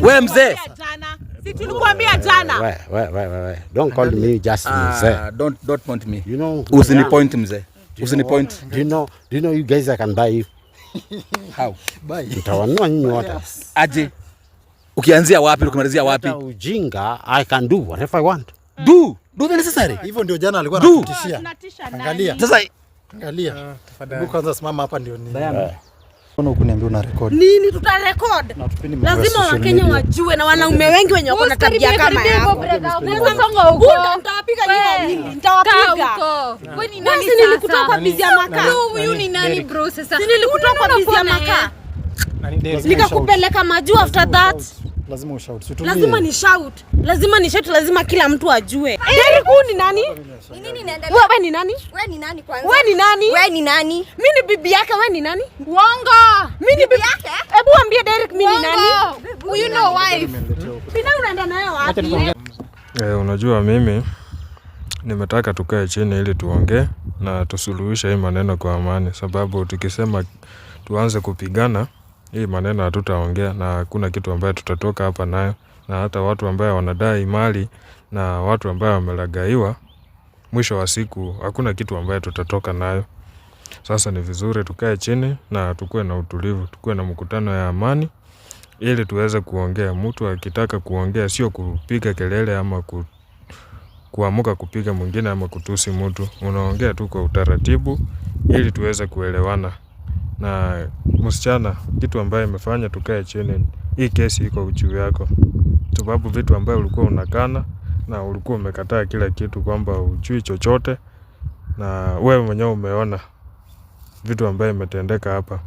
We mzee. Si tulikwambia jana. We, we, we, we. Don't call me just uh, mzee. Don't don't point me. You know. Usinipoint mzee. point. Do you know, do you know you guys I can buy you? How? Buy. Utawanua nyinyi wote. Aje. Ukianzia wapi ukimalizia wapi? Ujinga, I can do whatever I want. Do. Do the necessary. Hivyo ndio jana alikuwa anatishia. Angalia. Sasa angalia. Ah, tafadhali. Kwanza simama hapa ndio nini? Ukuniambia una record. Nini record? Lazima Wakenya wajue na wanaume wengi wenye wako na tabia kama yako. Nilikutoa kwa bizi ya makaa. Huyu ni nani bro sasa? Nilikutoa kwa bizi ya makaa. Nikakupeleka majuu after that lazima ushout. situmie. Lazima ni shout. Lazima ni shout, lazima kila mtu ajue. Derrick kuu ni nani? Wewe ni nani? Wewe ni nani kwanza? Wewe ni nani? Wewe ni nani? Mimi ni bibi yake, wewe ni nani? Uongo. Mimi ni bibi yake? Hebu ambie Derek mimi ni nani? You know why? Bina unaenda naye wapi? Eh, unajua mimi nimetaka tukae chini ili tuongee na tusuluhishe hii maneno kwa amani, sababu tukisema tuanze kupigana hii maneno hatutaongea na hakuna kitu ambayo tutatoka hapa nayo, na hata watu ambayo wanadai mali na watu ambayo wamelagaiwa, mwisho wa siku hakuna kitu ambayo tutatoka nayo. Sasa ni vizuri tukae chini na tukue na utulivu, tukue na mkutano ya amani ili tuweze kuongea. Mtu akitaka kuongea sio kupiga kelele ama ku, kuamuka kupiga mwingine ama kutusi mtu. Unaongea tu kwa utaratibu ili tuweze kuelewana na msichana kitu ambayo imefanya tukae chini hii kesi iko juu yako sababu vitu ambayo ulikuwa unakana na ulikuwa umekataa kila kitu kwamba hujui chochote na wewe mwenyewe umeona vitu ambayo imetendeka hapa.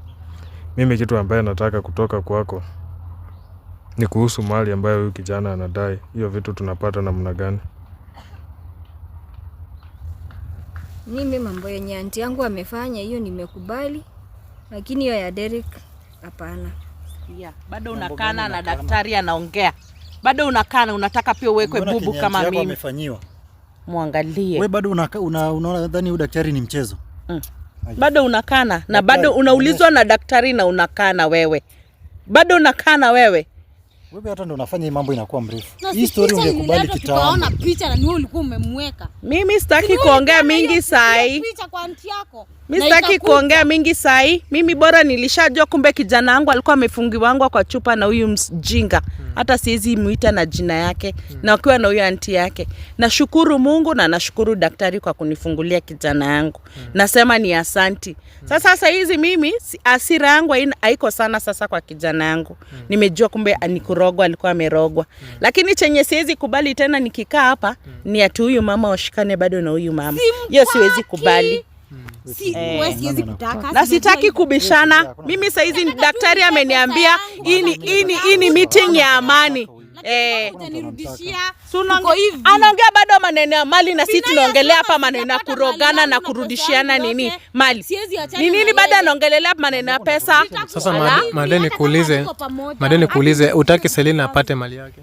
Mimi kitu ambayo nataka kutoka kwako ni kuhusu mali ambayo huyu kijana anadai. Hiyo vitu tunapata namna gani? Mimi mambo yenye anti yangu amefanya hiyo nimekubali lakini hiyo ya Derek hapana. Yeah, bado unakana na daktari anaongea, bado unakana, unataka pia uwekwe bubu kama mimi amefanyiwa. Mwangalie wewe, bado unaona una, dhani huyu daktari ni mchezo mm. Bado unakana na bado unaulizwa na daktari na unakana wewe, bado unakana wewe wewe hata ndo unafanya hii mambo inakuwa mrefu. Hii story ungekubali kitambo. Tukaona picha na ni wewe ulikuwa umemweka. Mimi sitaki kuongea mingi sai. Picha kwa anti yako. Mimi sitaki kuongea mingi sai. Mimi bora nilishajua kumbe kijana wangu alikuwa amefungiwa kwa chupa na huyu mjinga. Hata siwezi muita na jina yake na akiwa na huyu anti yake. Nashukuru Mungu na nashukuru daktari kwa kunifungulia kijana yangu. Nasema ni asanti. Sasa sasa hizi mimi hasira yangu haiko sana sasa kwa kijana yangu. Nimejua kumbe kurogwa alikuwa amerogwa mm. Lakini chenye siwezi kubali tena nikikaa hapa mm. ni ati huyu mama washikane bado na huyu mama, hiyo siwezi kubali mm. Si, eh, na sitaki kubishana mimi. Saizi daktari ameniambia hii ni meeting ya amani. Eh. anaongea bado maneno ya mali na si tunaongelea hapa maneno ya kurogana na kurudishiana nini mali ni nini, bado anaongelelea maneno ya pesa. Sasa madeni kuulize, madeni kuulize, utaki Selina apate mali yake?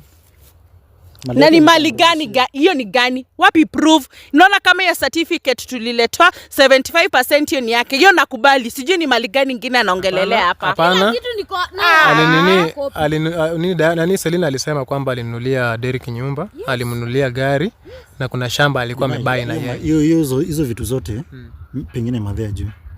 na ni mali gani hiyo? Ni gani? Wapi proof? Naona kama hiyo certificate tuliletwa 75% hiyo ni yake, hiyo nakubali. Sijui ni mali gani ingine anaongelelea hapa. Hapana, Selina alisema kwamba alinunulia Derrick nyumba, alimnunulia gari na kuna shamba alikuwa amebai na yeye. Hiyo hizo vitu zote hmm. pengine madhea juu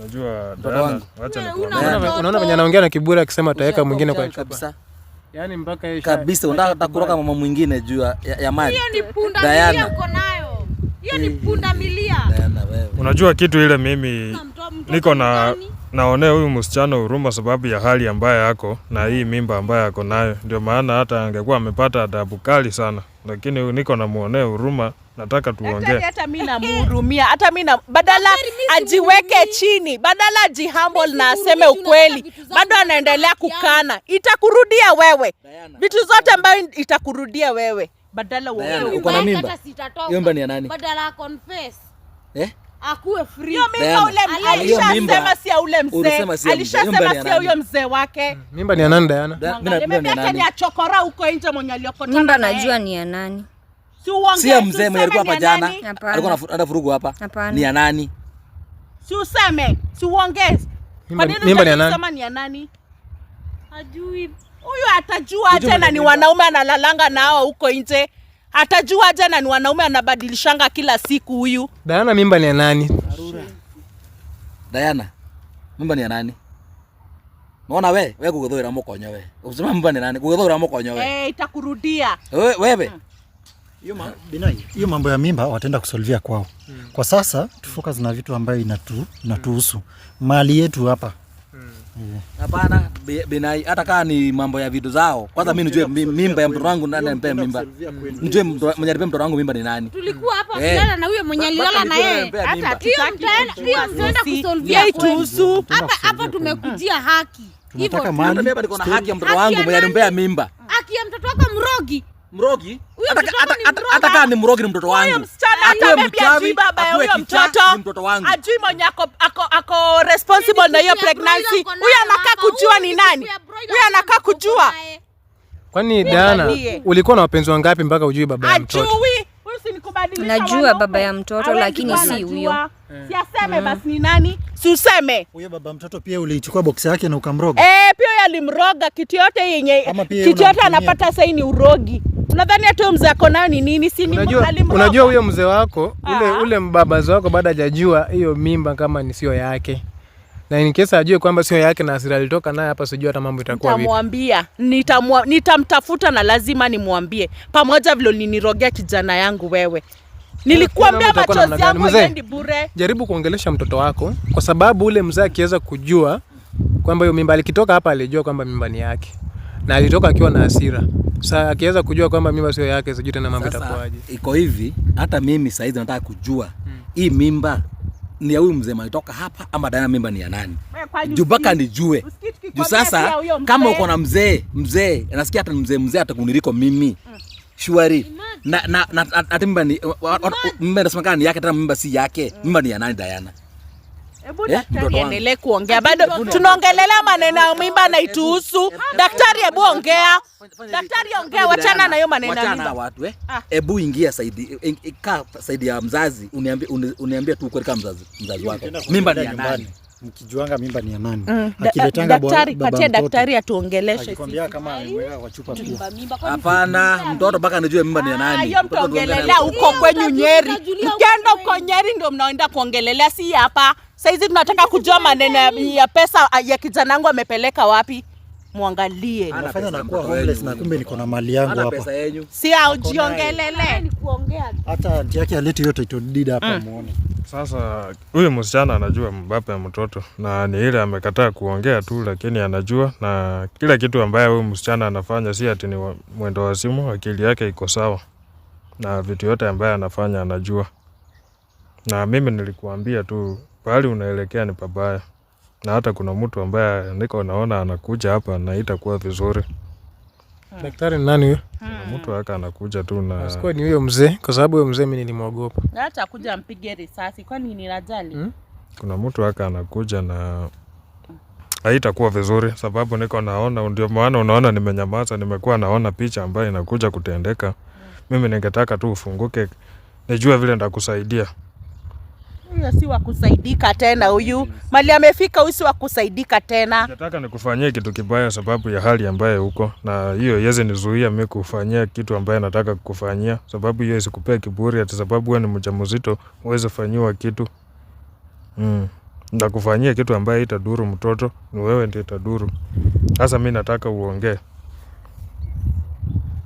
Unajua Unaona venye anaongea na kiburi akisema ataweka mwingine kwa chupa. Kabisa. Yaani mpaka yeye kabisa unataka kuroka mama mwingine juu ya, maji. Hiyo ni punda milia uko nayo. Hiyo ni eh, punda milia. Diana wewe. Unajua kitu ile mimi niko na naonea huyu msichana huruma sababu ya hali ambayo yako na hii mimba ambayo yako nayo, ndio maana hata angekuwa amepata adabu kali sana, lakini niko namuonea huruma nataka tuongee. Yaani hata mimi namhurumia, hata mimi na badala ajiweke chini, badala ajihumble na aseme ukweli, bado anaendelea kukana. Itakurudia wewe vitu zote ambayo itakurudia wewe, badala Uko na mimba Mimba ni ya nani? Badala confess eh akuwe free. Hiyo mimba ule alishasema si ya ule mzee, alishasema si huyo mzee wake. Mimba ni ya nani Diana? mimba ni achokora huko nje mwenye aliokota. Mimba najua ni ya nani. Siya mzee mwenye alikuwa hapa jana, alikuwa anataka vurugu hapa. Ni ya nani? Si useme, si uongee. Mimba ni ya nani? ni ya nani? Hajui. Huyu atajua aje na ni wanaume analalanga nao huko nje? Atajua aje na ni wanaume anabadilishanga kila siku huyu? Diana, mimba ni ya nani? Diana, mimba ni ya nani? Nona we, we guguthuira mukonyo we. Usema mimba ni nani? Guguthuira mukonyo we. Eh, itakurudia. Wewe. Mm hiyo mambo ya mimba wataenda kusolvia kwao. mm. Kwa sasa tufocus na vitu ambayo inatu, inatuhusu mm. mali yetu hapa. Hmm. Eh. Hapana, mm. yeah. Binai, hata kama ni mambo ya vitu zao, kwanza mimi nijue mimba ya mtoto wangu nani anipe mimba. Nijue mwenye anipe mtoto wangu mimba ni nani? Tulikuwa hapa eh. kulala na huyo mwenye alilala na yeye. Hata hiyo mtaenda, hiyo mtaenda kusolvia kwetu. Hapa hapa tumekujia haki. Hivyo tunataka mali. niko na haki ya mtoto wangu mwenye anipe mimba. Haki ya mtoto wako mrogi. Mrogi? hata ni mrogi, ni mtoto wangu mchawi kichaa ni mtoto wangu ajui mwenye ako responsible na hiyo pregnancy. Huyu anakaa kujua ni nani, huyu anakaa kujua. Kwani Diana ulikuwa na wapenzi wangapi mpaka ujui baba ya mtoto? Najua baba ya mtoto lakini si huyo. Eh. siaseme mm. basi ni nani? Si useme. Huyo baba mtoto pia uliichukua boksi yake na ukamroga. Eh, pia yeye alimroga kitu yote yenye kitu yote anapata saini urogi. Unadhani hata huyo mzee ako nayo ni nini? Si ni alimroga. Unajua huyo mzee wako ule, ah. ule mbabazi wako baada hajajua hiyo mimba kama ni sio yake na in case ajue kwamba sio yake na asira alitoka naye hapa, sijui hata mambo itakuwa vipi. Nitamwambia, nitamtafuta na lazima nimwambie, pamoja vile ulinirogea kijana yangu wewe. Nilikuambia machozi yangu yendi bure. Jaribu kuongelesha mtoto wako, kwa sababu ule mzee akiweza kujua kwamba hiyo mimba, alikitoka hapa alijua kwamba mimba ni yake na alitoka akiwa na hasira. Sasa akiweza kujua kwamba mimba sio yake, sijui tena mambo itakuwaje. Iko hivi, hata mimi saizi nataka kujua hmm. hii mimba ni ya huyu mzee alitoka hapa ama dana mimba ni ya nani? Juu nijue juu. Sasa kama uko na mzee mzee, nasikia hata mzee mzee atakuniliko mimi hmm. Shwari. na na na, hata mimba ni mimba, kana ni yake, tena mimba si yake, hmm. mimba ni ya nani Diana? Hebu eh, endelee kuongea, bado tunaongelelea maneno ya mimba na ituhusu. Daktari, hebu ongea. Daktari, ongea, wachana na hiyo maneno ya mimba watu eh. Ah. Hebu ingia saidi, e, e, kaa saidi ya mzazi, uniambie uniambie tu ukweli kama mzazi mzazi wako mimba ni ya nani? mkijuanga mimba ni amani. Mm. Akiletanga daktari, patia daktari atuongeleshe. Akikwambia kama amemweka kwa chupa pia. Hapana, mtoto mpaka anajua mimba ni ah, nani. Hiyo mtaongelelea huko kwenye Nyeri. Mkienda huko Nyeri ndio mnaenda kuongelelea, si hapa. Sasa hizi tunataka kujua maneno ya pesa ah, ya kijana wangu amepeleka wapi. Mwangalie na kuwa homeless na kumbe niko na mali yangu hapa, si aujiongelele hata anti yake alete hiyo title deed hapa mm. muone. Sasa huyu msichana anajua mbape mtoto na ni ile amekataa kuongea tu, lakini anajua na kila kitu ambaye huyu msichana anafanya si ati ni mwendo simu Akili yake iko sawa na vitu yote ambaye anafanya anajua, na mimi nilikuambia tu pahali unaelekea ni pabaya, na hata kuna mtu ambaye niko naona anakuja hapa na itakuwa vizuri. Hmm. Daktari ni nani huyo? Hmm. Mtu aka anakuja tu na sikuwa ni huyo mzee, kwa sababu huyo mzee mimi nilimwogopa. hata kuja mpige risasi, kwani ninajali? Hmm? Kuna mtu aka anakuja na haitakuwa vizuri, sababu niko naona, ndio maana unaona nimenyamaza, nimekuwa naona picha ambayo inakuja kutendeka. Hmm. Mimi ningetaka tu ufunguke, nijue vile ndakusaidia huyo si wa kusaidika tena, huyu mali amefika, huyu si wa kusaidika tena. Nataka nikufanyie kitu kibaya sababu ya hali ambaye huko, na hiyo iweze nizuia mi kufanyia kitu ambaye nataka kukufanyia, sababu hiyo isikupea kiburi, hata sababu wewe ni mjamzito uweze fanyiwa kitu mm. Ndakufanyia kitu ambaye itaduru mtoto, ni wewe ndio itadhuru. Sasa nataka uongee.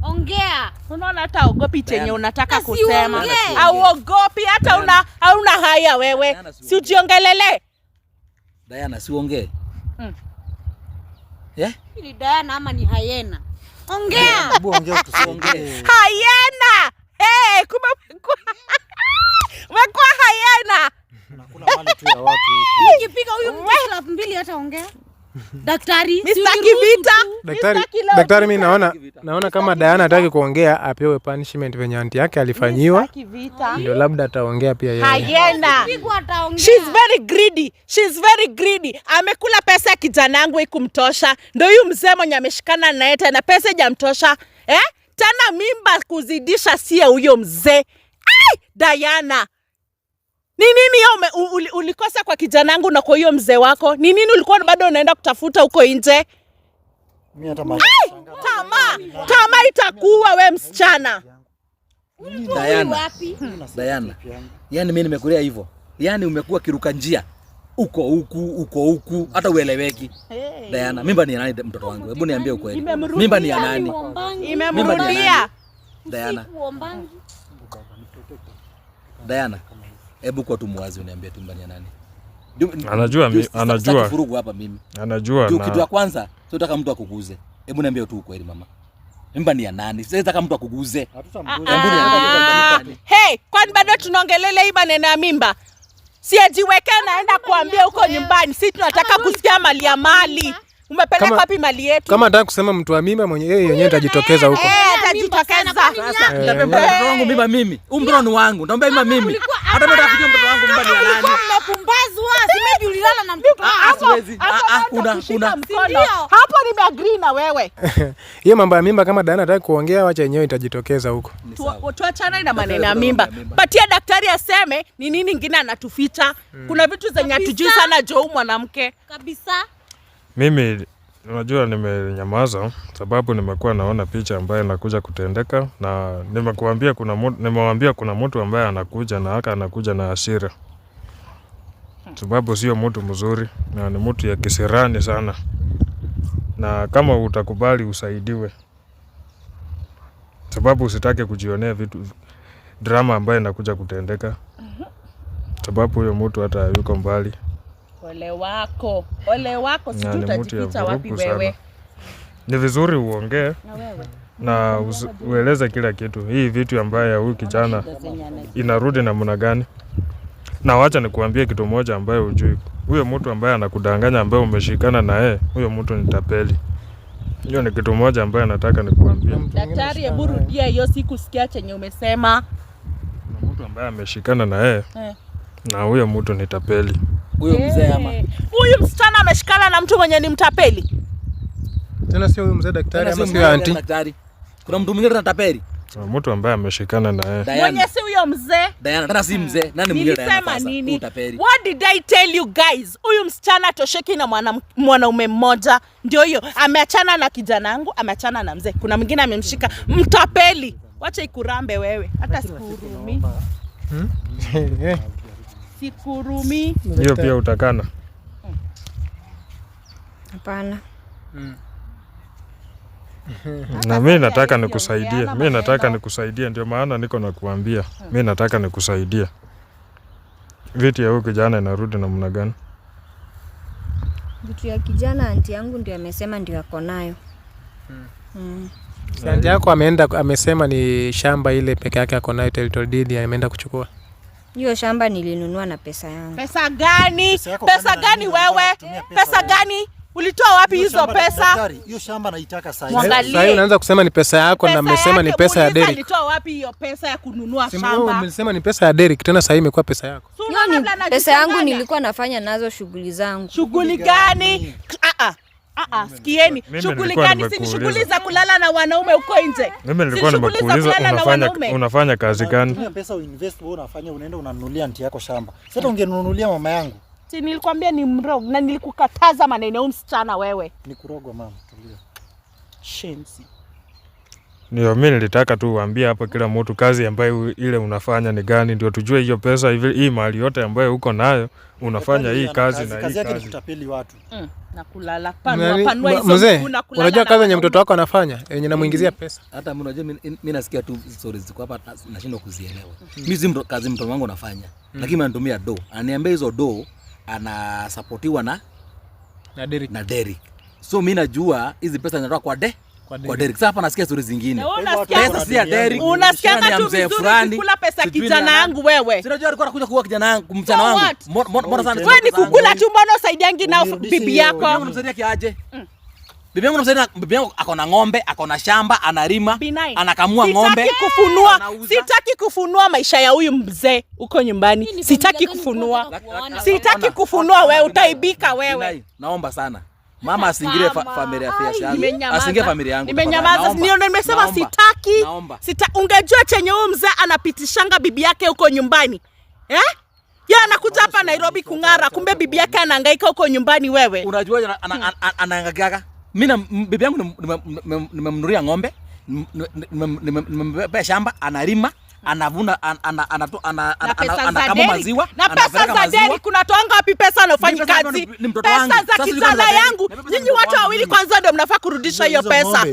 Ongea. Unaona hata ogopi chenye yaani. unataka kusema. Au ogopi hata una hauna haya wewe. Si ujiongelele. Diana si uongee. Mm. Eh? Ni Diana ama ni Hayena? Ongea. Eh, hebu ongea tusiongee. Hayena. Eh, kumbe umekuwa Hayena. kuna mali tu ya watu huko. Ukipiga huyu mtu 2000 hata ongea. Daktari, daktari, mi naona naona kama Diana hataki kuongea, apewe punishment venye anti yake alifanyiwa, ndio labda ataongea pia she's very greedy, she's very greedy. Amekula pesa ya kijana yangu ikumtosha, ndo huyu mzee mwenye ameshikana naye tena, pesa ijamtosha eh? Tena mimba kuzidisha sie huyo mzee Diana ni nini ul, ulikosa kwa kijanangu na kwa hiyo mzee wako? Ni nini ulikuwa bado unaenda kutafuta huko nje? Tama, tama itakuwa we msichana. Dayana, Dayana, yani mimi nimekulia hivyo, yaani umekuwa kiruka njia uko huku uko huku, hata ueleweki. Dayana, mimba ni ya nani? Mtoto wangu, hebu niambie ukweli, mimba ni ya nani? Imemrudia Dayana. Dayana, Hebu kwa tu mwazi uniambie Dumba ni ya nani? Anajua mimi, anajua. Furugu hapa mimi. Anajua na. Kitu ya kwanza, tunataka mtu akuguze. Hebu niambie tu ukweli mama. Mimba ni ya nani? Sasa nataka mtu akuguze. Ah, ah. Hey, kwani bado tunaongelele hii maneno ya mimba? Si ajiweke naenda kuambia huko nyumbani. si tunataka kusikia mali ya mali. Umepeleka wapi mali yetu? Kama nataka kusema mtu wa mimba mwenye yeye yenyewe atajitokeza huko. Eh, atajitokeza. Sasa mtoto eh, wangu mimba mimi. ni wangu. Naomba mimba mimi. Hata mtoto wangu mimba ni na mtoto. Ah, ah, ah, na wewe. Hiyo mambo ya mimba kama Diana anataka kuongea, wacha yenyewe itajitokeza huko. Tuachane na maneno ya mimba. Patia daktari aseme ni nini ngine anatuficha. Hmm. Kuna vitu zenye hatujui sana, Joe mwanamke. Kabisa. Mimi unajua nimenyamaza sababu nimekuwa naona picha ambayo inakuja kutendeka na nimekuambia kuna mtu ambaye anakuja na haka anakuja na hasira sababu sio mtu mzuri na ni mtu ya kisirani sana na kama utakubali usaidiwe sababu usitake kujionea vitu drama ambayo inakuja kutendeka sababu huyo mtu hata yuko mbali. Ole wako, ole wako, sijui utajikita wapi wewe. Ni vizuri uongee na wewe na ueleze kila kitu, hii vitu ambayo ya huyu kijana inarudi namna gani. Na wacha nikuambie kitu moja ambayo hujui, huyo mtu ambaye anakudanganya, ambaye umeshikana naye, huyo mtu ni tapeli. Hiyo ni kitu moja ambayo nataka nikuambie. Daktari, hebu rudia hiyo, sikusikia chenye umesema. Mtu ambaye ameshikana naye eh. na huyo mtu ni tapeli huyo Mzee ama eh, huyu msichana ameshikana na mtu mwenye ni mtapeli tena, sio huyu mzee daktari ama sio anti daktari, kuna mtu mwingine anatapeli ah, mtu ambaye ameshikana naye mwenye si huyo mzee Diana. Tena si mzee nani mwingine? Nilisema nini? What did I tell you guys? Huyu msichana atosheki na mwanaume mwana mmoja, ndio hiyo ameachana na kijana wangu, ameachana na mzee, kuna mwingine amemshika mtapeli. Wacha ikurambe wewe, hata sikuhurumi. Hmm? Eh, eh sikurumi. Hiyo pia utakana? Hapana. na mi nataka nikusaidie, mi nataka nikusaidie, ndio maana niko nakuambia, mi nataka nikusaidie. Vitu ya huyu kijana inarudi namna gani? Vitu ya kijana anti yangu ndio amesema ndio ako nayo. hmm. hmm. Anti yako ameenda amesema ni shamba ile peke yake ako nayo, deed ameenda kuchukua hiyo shamba nilinunua na pesa yangu. Pesa gani? Pesa, pesa gani wewe? Pesa, pesa gani? Ulitoa wapi hizo pesa? Hiyo shamba naitaka sasa. Sasa unaanza kusema ni pesa yako na mmesema ni pesa ya Derek. Ulitoa wapi hiyo pesa ya kununua shamba? Simu Mmesema ni pesa ya Derek, tena sasa imekuwa pesa yako. Sio, ni pesa yangu nilikuwa nafanya nazo shughuli zangu. Shughuli gani? Ah ah. Ah, ah, sikieni, shughuli gani? Si shughuli za kulala na wanaume huko nje. Mimi nilikuwa nimekuuliza unafanya unafanya kazi gani? Pesa uinvest wewe unafanya unaenda unanunulia anti yako shamba. Sasa ungenunulia mama yangu. Si nilikwambia ni mrogo na nilikukataza maneno msichana wewe. Ni kurogwa mama, tulia. Shenzi. Ndio, mimi nilitaka tu uambie hapo kila mtu kazi ambayo ile unafanya ni gani, ndio tujue hiyo pesa hii mali yote ambayo uko nayo unafanya hii kazi na hii kazi. watu. Mm, na kulala panua panua hizo. Mzee, unajua kazi yenye mtoto wako anafanya eh, yenye namuingizia mm. pesa. Hata mimi unajua mimi nasikia tu stories ziko hapa, nashindwa kuzielewa. Mimi si kazi mtoto wangu anafanya, mm. lakini anatumia do, ananiambia hizo do anasapotiwa na na Derrick, so mimi najua hizi pesa zinatoka kwa de kwa Derek. Sasa hapa nasikia stori zingine. Pesa si ya Derek. Unasikia tu vizuri kula pesa kijana yangu wewe. Si unajua alikuwa anakuja kuua kijana yangu, mchana wangu. Mbona sana? Wewe ni kukula tu mbona usaidiangi na bibi yako? Unamsaidia kiaje? Bibi yangu anamsaidia, mm. bibi yangu ako na ng'ombe, ako na shamba, analima, anakamua ng'ombe. Sitaki kufunua, sitaki kufunua maisha ya huyu mzee uko nyumbani. Sitaki kufunua. Sitaki kufunua wewe, utaibika wewe. Naomba sana. Mama asingilie fa familia yangu. Asingire familia yangu. Nimenyamaza. Ndio nimesema sitaki. Sita ungejua chenye huyu mzee anapitishanga bibi yake huko nyumbani. Eh? Ya anakuja hapa Nairobi kung'ara, kumbe bibi yake anahangaika huko nyumbani wewe. Unajua hmm. anahangaika. Mimi na bibi yangu nimemnunulia ng'ombe, nimembea shamba, analima anavuna anakama maziwa na pesa za deni. Kuna twanga wapi pesa anafanyi kazi? Pesa za kizala yangu, nyinyi watu wawili kwanza ndio mnafaa kurudisha hiyo pesa.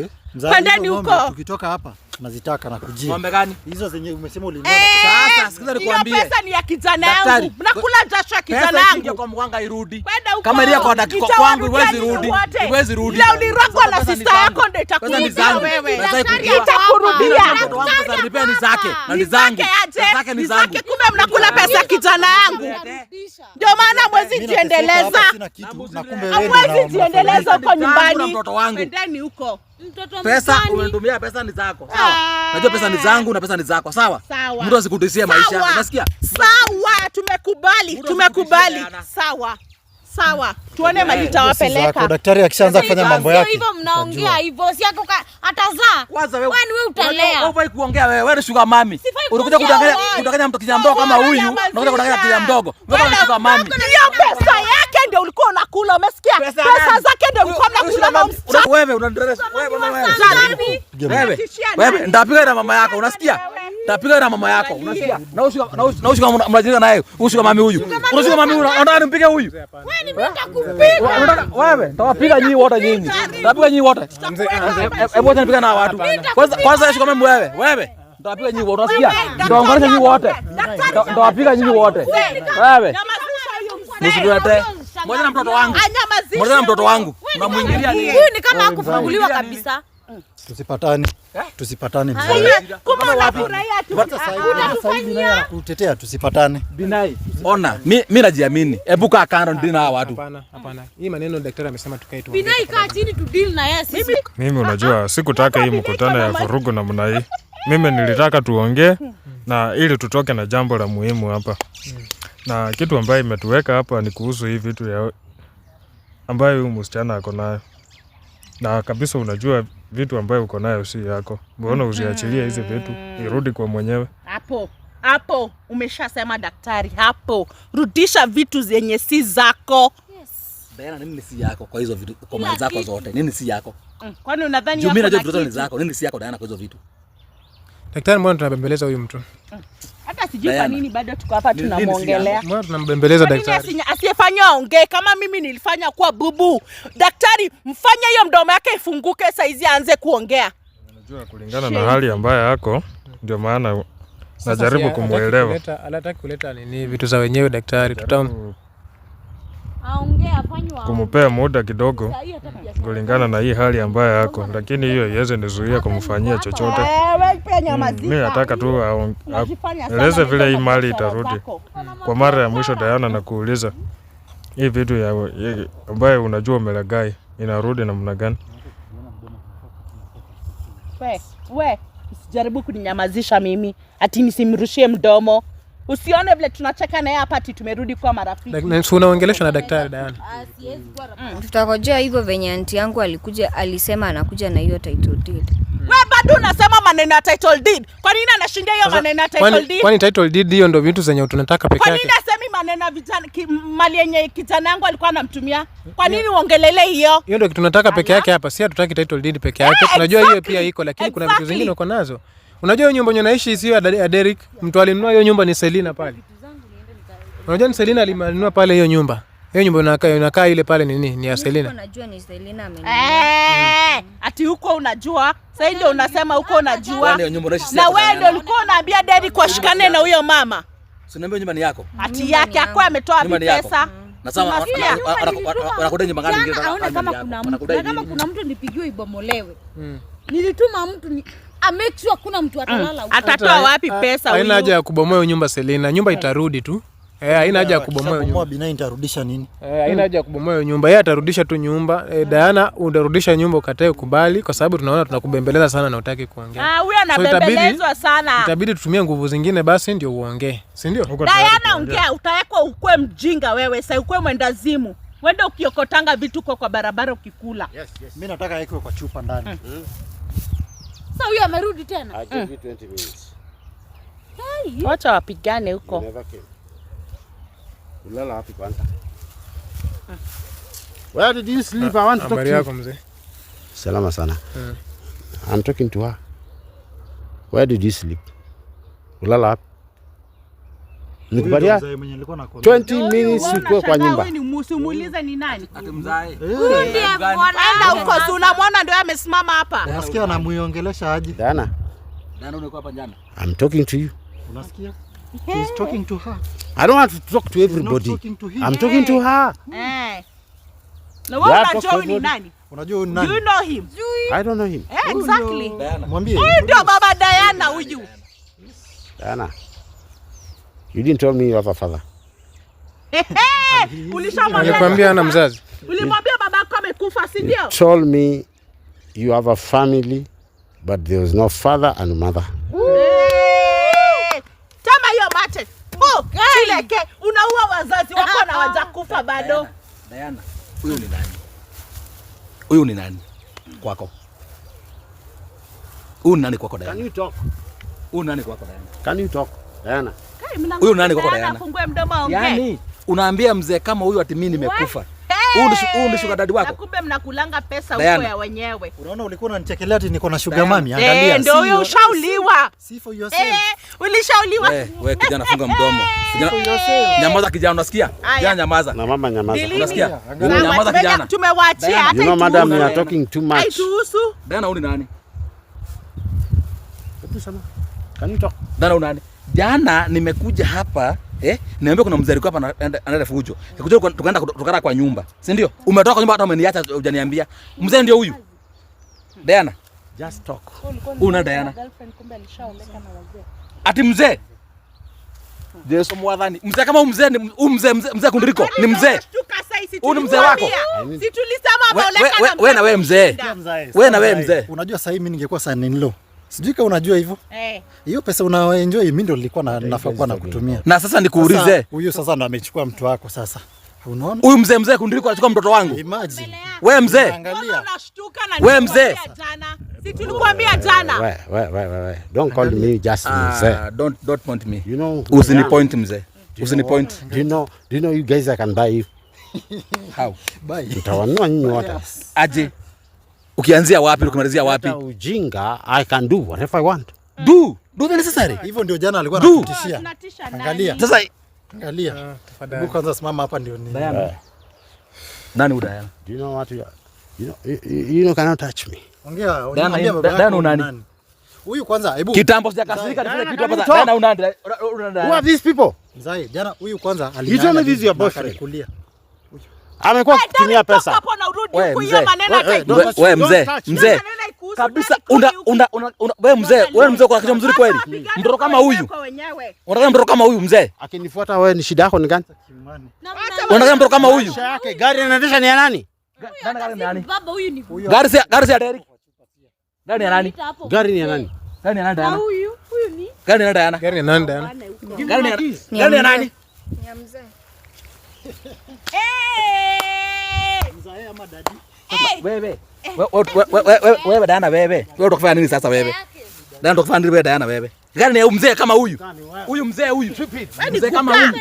pandeni huko, tukitoka hapa nazitaka na kujia. Ng'ombe gani hizo zenye umesema ulinunua? Eh, sasa, eh, nikwambie. pesa ni ya kijana yangu. jasho ya kijana yangu. Kwa mganga irudi. Kama ile kwa dakika kwangu iwezi rudi. Iwezi rudi. Leo na sister yako ndio wewe. Itakurudia. ni zake na ni zangu. Zake ni zangu. Kumbe mnakula pesa ya kijana yangu. Ndio maana mwezi jiendeleza. Mwezi jiendeleza nyumbani. Mtoto wangu. huko. Pesa pesa ni zako. Sawa. Ah. Najua pesa ni zangu na pesa ni zako. Sawa. Mtu asikutishie maisha. Unasikia? Sawa, tumekubali, tumekubali. Sawa. Sawa, tuone mali tawapeleka. Daktari akishaanza kufanya mambo yake. Hivyo mnaongea hivyo, si yako atazaa. Kwanza wewe wewe utalea. Wewe kuongea wewe, wewe ni shuga mami. Unakuja kudanganya kudanganya mtu kijana mdogo kama huyu, unakuja kudanganya kijana mdogo. Wewe ni shuga mami. Hiyo pesa yake ndio ulikuwa unakula, umesikia? Pesa zake ndio ulikuwa unakula na msichana. Wewe unanidresha. Wewe wewe. Wewe ndapiga na mama yako, unasikia? Tapiga na mama yako. Unasikia? Na ushika na ushika mnajinga naye. ushika mami huyu. unashika mami huyu unataka nimpige huyu? Wewe ni eh? mtaka kumpiga. wewe? Tawapiga nyinyi wote nyinyi. Tapiga nyinyi wote. Hebu acha nipiga na watu. Kwanza kwanza usiku mama wewe. Wewe. Tawapiga nyinyi wote. Unasikia? Ndaonganisha nyinyi wote. Tawapiga nyinyi wote. Wewe. Msiduate. Mmoja na mtoto wangu. Mmoja na mtoto wangu. Unamwingilia nini? Huyu ni kama hakufunguliwa kabisa. Tusipatane. Eh? Tusipatane kutetea tusipatane. Binai. Ona, mi najiamini. Hebu kaa kando ndi na watu. Hapana, Hii maneno daktari amesema tukae tu. Binai kaa chini tu deal na yeye sisi. Mimi unajua sikutaka hii mkutano ya furugu namna hii. Mimi nilitaka tuongee na ili tutoke na jambo la muhimu hapa. Na kitu ambayo imetuweka hapa ni kuhusu hii vitu ya ambayo huyu msichana ako nayo na kabisa unajua vitu ambayo uko nayo si yako, mbona uziachilia hizi vitu irudi kwa mwenyewe? Hapo hapo umeshasema daktari, hapo rudisha vitu zenye si zako. Diana, nini si yako? Kwa hizo vitu, kwa mali zako zote nini si yako? Mm, kwani unadhani yako ni zako? Nini si yako Diana, kwa hizo vitu? Daktari, mbona tunabembeleza huyu mtu? Mm. Hata sijui kwa nini bado tuko hapa tunamwongelea. Asiyefanya aongee. Kama mimi nilifanya kuwa bubu, daktari mfanye hiyo mdomo yake ifunguke saizi aanze kuongea. najua kulingana na hali ambayo yako ndio maana najaribu kumwelewa. kuleta nini vitu za wenyewe daktari, kumupea muda kidogo kulingana na hii hali ambayo yako, lakini hiyo iweze nizuia kumfanyia chochote kufanya mazika. Mm, mimi nataka tu aeleze vile hii mali itarudi. Kwa mara ya mwisho, Diana, nakuuliza hii vitu ya ambayo unajua umelagai inarudi namna gani? We, we, usijaribu kuninyamazisha mimi ati nisimrushie mdomo. Usione vile tunacheka naye hapa ati tumerudi kuwa marafiki. Unaongeleshwa na daktari Diana. Ah, Tutakojea hivyo venye anti yangu alikuja, alisema anakuja na hiyo title deed. Mm. Wewe bado unasema maneno ya title deed. Kwa nini anashindia hiyo maneno ya title deed? Kwani title deed hiyo ndio vitu zenye tunataka peke yake. Kwa nini asemi maneno ya mali yenye kijana yangu alikuwa anamtumia? Hmm. Kwa nini uongelele hiyo? Hiyo ndio tunataka peke yake hapa. Si hatutaki title deed peke yake. Eh, Tunajua hiyo pia iko lakini kuna vitu zingine uko nazo. Unajua hiyo nyumba nyoishi sio ya Derek. Mtu alinunua hiyo nyumba ni Selina pale. Unajua ni Selina alinunua pale hiyo nyumba. Hiyo nyumba unakaa unakaa ile pale nini? Ni ya Selina. Unajua ni Selina amenunua. Eh, mm. ati huko unajua? Sasa ndio unasema huko unajua. Na wewe ndio ulikuwa unaambia Daddy kwa shikane na huyo mama. Si niambia nyumba ni yako. Ati yake yako ametoa pesa. Na sasa wanakodai nyumba gani ingine? Anaona kama kuna mtu. Na Kama kuna mtu nipigiwe ibomolewe. Mm. Nilituma mtu amake sure kuna mtu atalala mm. huko. Atatoa wapi pesa huyo? Haina haja ya kubomoa nyumba Selina. Nyumba eh. itarudi tu. Eh, haina haja ya kubomoa nyumba. Binai nitarudisha nini? Eh, haina haja ya kubomoa nyumba. Yeye atarudisha tu nyumba. Eh, eh. Diana utarudisha nyumba ukatae kubali kwa sababu tunaona tunakubembeleza sana na hutaki kuongea. Ah, huyo anabembelezwa sana. Itabidi tutumie nguvu zingine basi ndio uongee. Si ndio? Diana ongea, utawekwa ukwe mjinga wewe, sasa ukwe mwendazimu. Wende ukiokotanga vitu kwa, barabara ukikula. Yes, yes. Mimi nataka yake kwa chupa ndani. Mm. Mm. Sasa huyo amerudi tena. Aje 20 hmm. minutes. Hey. Wacha wapigane huko. Ulala wapi kwanza? Where did you sleep? I want to talk to you. Salama sana. Eh. I'm talking to her. Where did you sleep? Ulala wapi? Nikupatia 20 yaani minutes uko kwa nyumba. Wewe ni musimulize ni nani? Ati Huyu ndiye mwana. Enda uko si unamwona ndio amesimama hapa. Nasikia anamuongelesha aje? Dana. Dana, ulikuwa hapa jana? I'm talking to you. Unasikia? He's talking to her. I don't want to talk to everybody. Talking to him. I'm talking to eh. her. Eh. Na wewe unajua ni nani? Unajua ni nani? Do you know him? I don't know him. Eh, exactly. Mwambie. Huyu ndio baba Diana huyu. Diana. You didn't tell me you have a father. Ulishamwambia ana mzazi. Ulimwambia babako amekufa, si ndio? Told me you have a family but there was no father and mother. Chileke, unaua wazazi wako na ah, ah. wajakufa bado. Diana, huyu ni nani? Huyu ni nani kwako? Huyu ni nani kwako Diana? Can you talk? Huyu nani kwako Diana? Can you talk? Diana. Huyu nani kwako Diana? Fungue mdomo ongea. Yaani, unaambia mzee kama huyu ati mimi nimekufa. Huu ndio sugar daddy wako. Na kumbe mnakulanga pesa huko ya wenyewe. Unaona ulikuwa unanichekelea ati niko na sugar mami, angalia. Eh, ndio huyo ushauliwa. See for yourself. Eh, ulishauliwa. Eh, wewe kijana funga mdomo. Eh, nyamaza kijana, unasikia? Kijana nyamaza. Na mama nyamaza. Unasikia? Nyamaza kijana. Tumewaachia hata. You know madam you are talking too much. Haituhusu. Dana huyu ni nani? Dana huyu nani? Jana nimekuja hapa eh, niambia kuna mzee alikuwa hapa anaenda fujo. Nikuja tukaenda tukara kwa nyumba, si ndio? Umetoka kwa nyumba hata umeniacha hujaniambia. Mzee ndio huyu Diana, just talk. Una Diana ati mzee Yesu mwadhani. Mzee kama mzee ni mzee mzee kundiriko ni mzee. Huyu ni mzee wako. Si tulisema mauleka na mzee. wewe na wewe mzee. Wewe na wewe mzee. Unajua sasa hivi mimi ningekuwa sana nilo. Sijui kama unajua hivyo. Eh. Hiyo pesa unaenjoy mimi ndo nilikuwa na nafaa kuwa nakutumia. Na sasa nikuulize. Huyu sasa ndo amechukua mtu wako sasa. Unaona? Huyu mzee mzee kundiliko anachukua mtoto wangu. Imagine. Wewe mzee. Wewe mzee. Si tulikwambia jana. Wewe wewe wewe. Don't call me just ah, mzee. Don't don't point me. You know. Usini point mzee. Usini point. Do you know do you know you guys I can buy you. How? Buy. Utawanua nyinyi wote. Aje ukianzia wapi ukimalizia wapi? Ujinga, I can do whatever I want. Mm. Do, do the necessary. Hivyo ndio jana alikuwa anatishia. Angalia. Sasa angalia. Ah, tafadhali. Kwanza simama hapa ndio nini? Diana. Eh. Nani udaya? Do you know what you you know you know cannot touch me. Ongea, ongea baba. Diana unani? Huyu kwanza hebu kitambo sijakasirika nifanye kitu hapa. Diana unani? Who are these people? Mzai, jana huyu kwanza alikuwa. You tell me this is your boyfriend amekuwa kutumia pesa. Wewe mzee, mzee kabisa, wewe mzee, wewe mzee kwa kitu mzuri kweli. Mtoto kama huyu unataka mtoto kama huyu mzee akinifuata wewe, ni shida yako ni gani? Unataka mtoto kama huyu? Gari inaendesha ni ya nani? Gari si gari si ya Derek. Gari ni ya nani? Gari ni ya nani? Gari ni ya nani? Huyu huyu ni gari ni ya nani? Gari ni ya nani? Gari ni ya nani? Ni ya mzee. Wewe wewe Diana wewe. Wewe utakufanya nini sasa wewe? Diana utakufanya nini wewe Diana wewe? Gani ni mzee kama huyu? Huyu mzee huyu. Mzee kama huyu.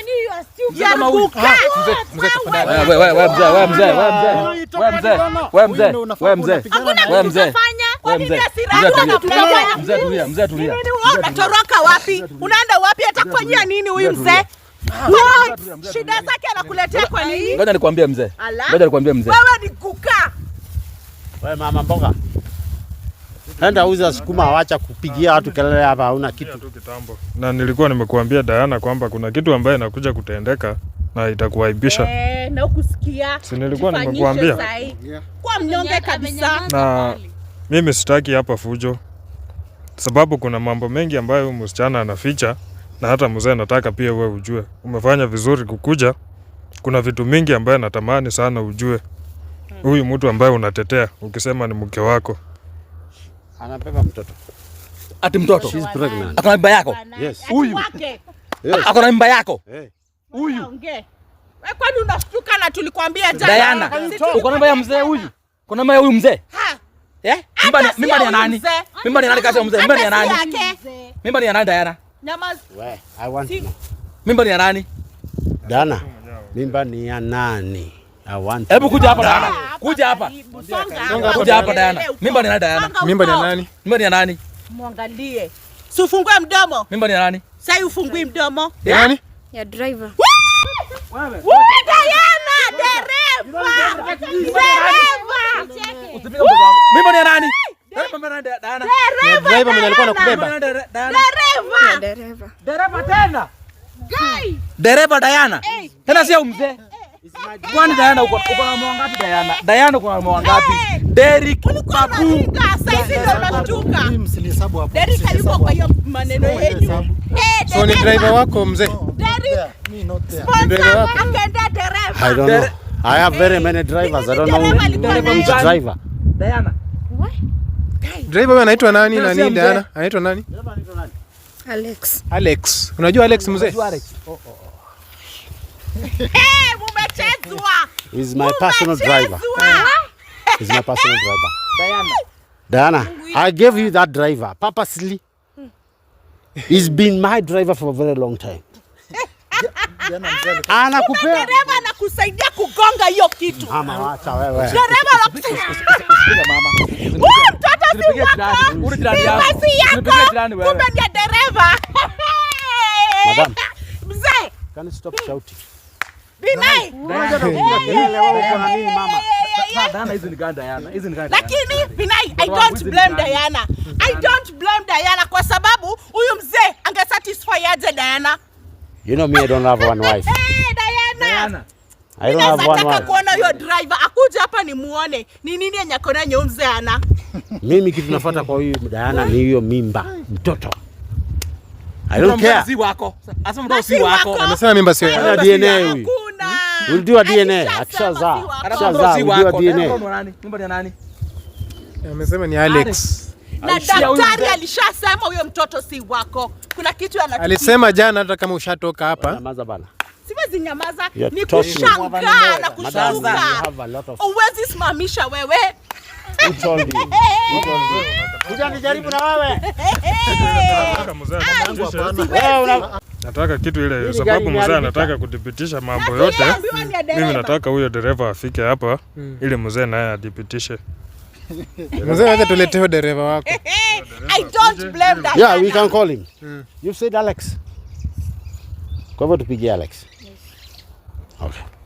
Mzee kama huyu. Wewe mzee, wewe mzee, wewe mzee. Wewe mzee. Wewe mzee. mzee. tulia, mzee tulia. Unatoroka wapi? Unaenda wapi? Atakufanyia nini huyu mzee? Shida zake anakuletea kwa nini? Ngoja nikwambie mzee. Ngoja nikwambie mzee. Wewe ni kuka. Wewe mama mboga. Enda uza sukuma, wacha kupigia watu kelele hapa, hauna kitu. Na nilikuwa nimekuambia Diana kwamba kuna kitu ambaye inakuja kutendeka na itakuaibisha. Eh, na ukusikia. Si nilikuwa nimekuambia. Kwa mnyonge kabisa. Na mimi sitaki hapa fujo. Sababu kuna mambo mengi ambayo msichana anaficha na hata mzee, nataka pia wewe ujue umefanya vizuri kukuja. Kuna vitu mingi ambaye natamani sana ujue. Huyu mtu ambaye unatetea ukisema ni mke wako anabeba mtoto, ati mtoto akona mimba yako huyu, Yes. akona mimba yako huyu. Wewe eh, Kwani unashtuka? Na tulikwambia jana, uko na mimba ya mzee huyu, uko mimba ya huyu mzee Eh? mimba ni ya nani? Mimba ni nani kasi ya mzee? Mimba ni nani? Mimba ni nani Dayana? We, I want to know. Mimba ni ya nani? Dana. Mimba ni ya nani? I want. Hebu kuja hapa Dana. Kuja hapa. Kuja hapa Dana. Mimba ni ya Dana. Mimba ni ya nani? Mimba ni ya nani? Muangalie. Si ufungue mdomo. Mimba ni ya nani? Sasa ufungui mdomo. Ya nani? Ya driver. Wewe. Diana, dereva. Dereva. Mimba ni ya nani? Dereva Dereva. Dereva. Dereva. Dereva dereva dereva tena dereva Dayana tena sio mzee. Kwani Diana uko na mwangapi? Diana? Diana uko na mwangapi? Derrick babu so ni driver wako mzee? I don't know. I have very many drivers. I don't know which driver. Dayana. Driver anaitwa nani na nini Dayana? Anaitwa nani? Alex. Alex. Unajua Alex mzee? Unajua Alex? Oh, oh, oh. Hey, mumechezwa. He's my personal driver. He's my personal driver. Diana. Diana, I gave you that driver purposely. He's been my driver for a very long time. Anakupea. Dereva anakusaidia kugonga hiyo kitu. Mama, acha wewe. Dereva anakusaidia. Mama jirani wewe. Kumbe ni dereva. Mzee. Can you stop shouting? Lakini Binai, I don't blame Diana. I don't blame Diana kwa sababu huyu mzee angesatisfy aje Diana? You know me, I don't have one wife. Hey, Diana. Diana. I don't have one wife. kuona hiyo driver akuja hapa nimuone ni nini yenye akona nyo mzee ana. Mimi kitu nafuata kwa huyu Diana ni hiyo mimba mtoto. I don't care. Si wako. Asa mtoto si wako. Amesema mimba sio ya DNA hmm? We'll do a DNA akishazaa. Akishazaa ulidiwa DNA. Mimba ni nani? Amesema ni Alex. Na daktari alishasema huyo mtoto si wako. Kuna kitu anatukia. Alisema jana hata kama ushatoka hapa. Nyamaza bana huwezi nyamaza, ni kushangaa na kushtuka. Huwezi simamisha wewe utanijaribu na wewe. Nataka kitu ile, sababu mzee anataka kudhibitisha mambo yote. Mimi nataka huyo dereva afike hapa hmm. ili mzee naye adhibitishe. Mzee wacha tuletewe dereva wako. I don't blame that. Yeah, we can call him. Hmm. You said Alex. Kwa hivyo tupigie Alex. 好的。